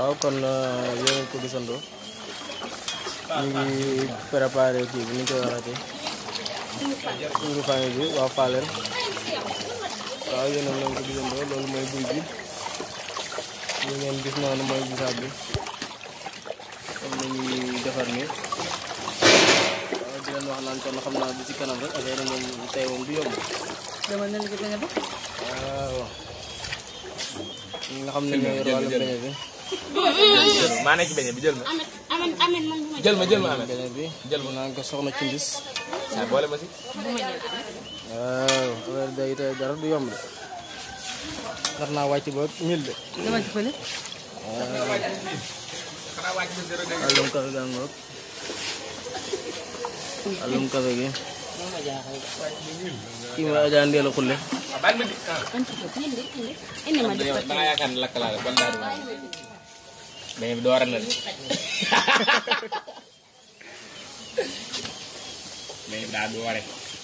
waaw kon uh, yéen ko gisandoo ñu ngi préparé ni ñu koy waxatee suñu bi waa Falen waaw yéen a ngi ko gisandoo loolu mooy buy bi ñu ngeen gis noonu mooy bisaab bi comme ni ñuy defar nii waaw di leen wax naan kon bi ci kanam rek affaire du dama waaw. nga maa nekk benn bi banyak orang nih. Banyak dua nih.